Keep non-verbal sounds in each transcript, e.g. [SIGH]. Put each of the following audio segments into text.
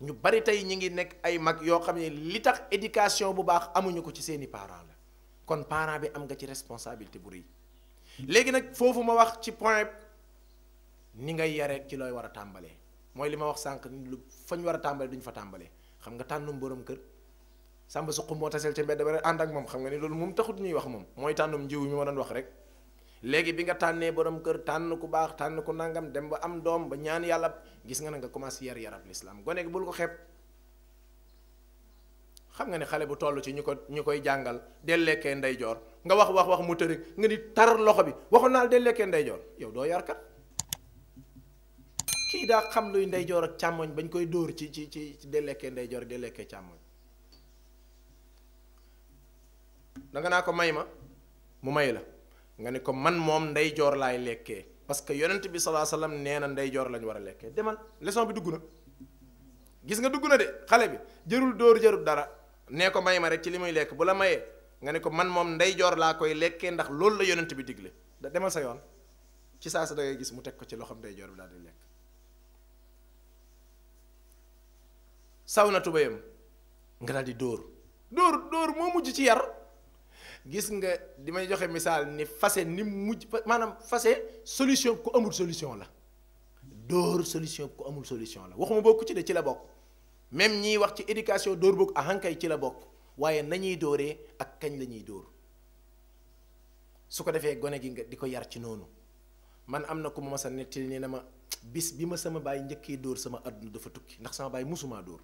ñu bari tey ñi ngi nekk ay mag yoo xam ne li tax éducation bu baax amuñu ko ci seeni parent la kon parent bi am nga ci responsabilité bu rëy léegi nag foofu ma wax ci point ni ngay yaree ci looy war a tàmbalee mooy li ma wax sànq lu fañ war a tàmbalee duñ fa tàmbalee xam nga tànnum borom kër sàmba su xumboo taseel ca mbedd ba ànd ak moom xam nga ni loolu moom taxut ñuy wax moom mooy tànnum jiw ñu ma doon wax rek léegi bi nga tànnee boroom kër tànn ku baax tànn ku nangam dem ba am doom ba ñaan yàlla gis nga na nga commencé yar yaram lislaam gone bul ko xeeb xam nga ne xale bu toll ci ñu ko ñu koy jàngal del lekkee ndeyjoor nga wax wax wax mu tëri nga di tar loxo bi waxoon naa del lekkee ndeyjoor yow doo yarkat kii daa xam luy ndeyjoor ak càmmoñ bañ koy dóor ci ci ci del lekkee ndeyjoor del lekkee naa ko may ma mu may la nga ne ko man moom ndeyjoor laay lekkee parce que yonent bi salaa sallam nee na ndeyjoor lañ war a lekkee demal leçon bi dugg gis nga dugg na de xale bi jërul dóor jërul dara nee ko may ma rek ci li muy lekk bu la mayee nga ne ko man moom ndeyjoor laa koy lekkee ndax loolu la yonent bi digle da demal sa yoon ci saa sa da ngay gis mu teg ko ci loxoom ndeyjoor bi daal di lekk saw na tubayam nga daal di dóor dóor dóor moo mujj ci yar gis nga di may joxe misaal ni fase ni mu mujj maanaam fase solution ko amul solution la dóor solution ko amul solution la waxuma bokk ci de ci la bokk même ñiy wax ci éducation dóor bokk ahankay ci la bokk waaye nañuy dóoree ak kañ la ñuy dóor su ko defee gone gi nga di ko yar ci noonu man am na ku ma masa nettali ne na ma bis bi ma sama baay njëkkee dóor sama àdduna dafa tukki ndax sama baay mosumaa dóor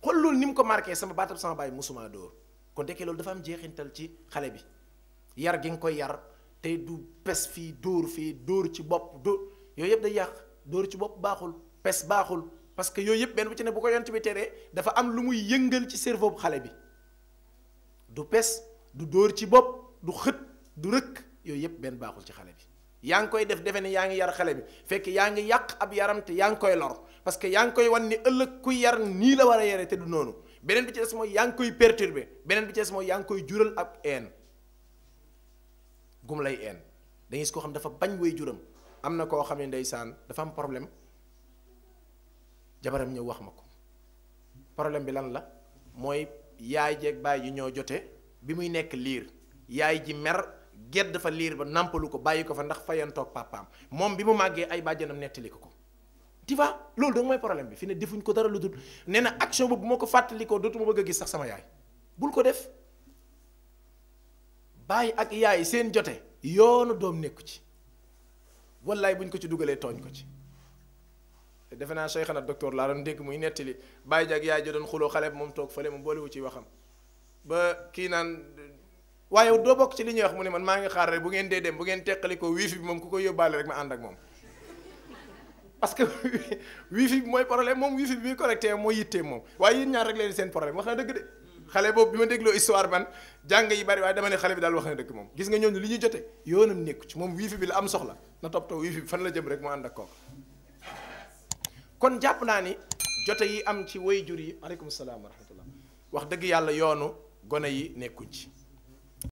xool loolu ni mu ko marqué sama baatam sama baay musumaa dóor kon dekkee lolou dafa am jeexintal ci xale bi yar gi nga koy yar té du pes fi dóor fi dóor ci bop do yoy yeb day yak dóor ci bop baxul pes baxul parce que yoy yeb ben bu ci ne bu ko yont bi téré dafa am lu muy yëngal ci cerveau bu xale bi du pes du dóor ci bop du xët du rek yoy yeb ben baxul ci xale bi yang koy def defe ne yaa ngi yar xale bi fekk yaa ngi yàq ab yaram te yang koy lor parce que yang koy wan ni ëllëg ku yar ni la wara yéré te du nonou beneen bi ci des mooy yaa ngi koy perturber beneen bi ci des mooy koy jural ak een gum lay een da ngay gis koo xam dafa bañ way juram am na koo xam ne ndeysaan dafa am problème jabaram ñëw wax ma ko problème bi lan la mooy yaay jeeg bàyyi ji ñoo jote bi muy nekk liir yaay ji mer gedd fa liir ba nàmpalu ko bàyyi ko fa ndax fayantoog papaam moom bi mu màggee ay bàjjanam nettali ko ko tu vois loolu danga mooy problème bi fi ne defuñ ko dara lu dul nee na action bu ma ko fàttalikoo dootuma bëgg a gis sax sama yaay bul ko def bàyyi ak yaay seen jote yoonu doom nekku ci wallaay buñ ko ci dugalee tooñ ko ci defe naa sooy xanaa docteur laa doon dégg muy nettali bàyyi ji ak yaay ji doon xuloo xale bi moom toog fa fële moom boolewu ci waxam ba kii naan waaye doo bokk ci li ñuy wax mu ne man maa ngi xaar rek bu ngeen dee dem bu ngeen teqali ko wiifi ko yóbbaale ma ànd ak parce que [LAUGHS] wifi bi mooy problème moom wifi bi muy connecté mooy yittee moom waaye yéen ñaar rek leen seen problème wax na dëgg de xale boobu bi ma dégloo histoire man jàng yi bari waaye dama ne xale bi daal wax na dëgg moom gis nga ñooñu li ñu jote yoonam nekku ci moom wifi bi la am soxla na toppatoo wifi bi fan la jëm rek mu ànd ak kooku kon jàpp naa ni jote yi am ci way jur yi aleykum salaam wa rahmatullah wax dëgg yàlla yoonu gone yi nekkuñ ci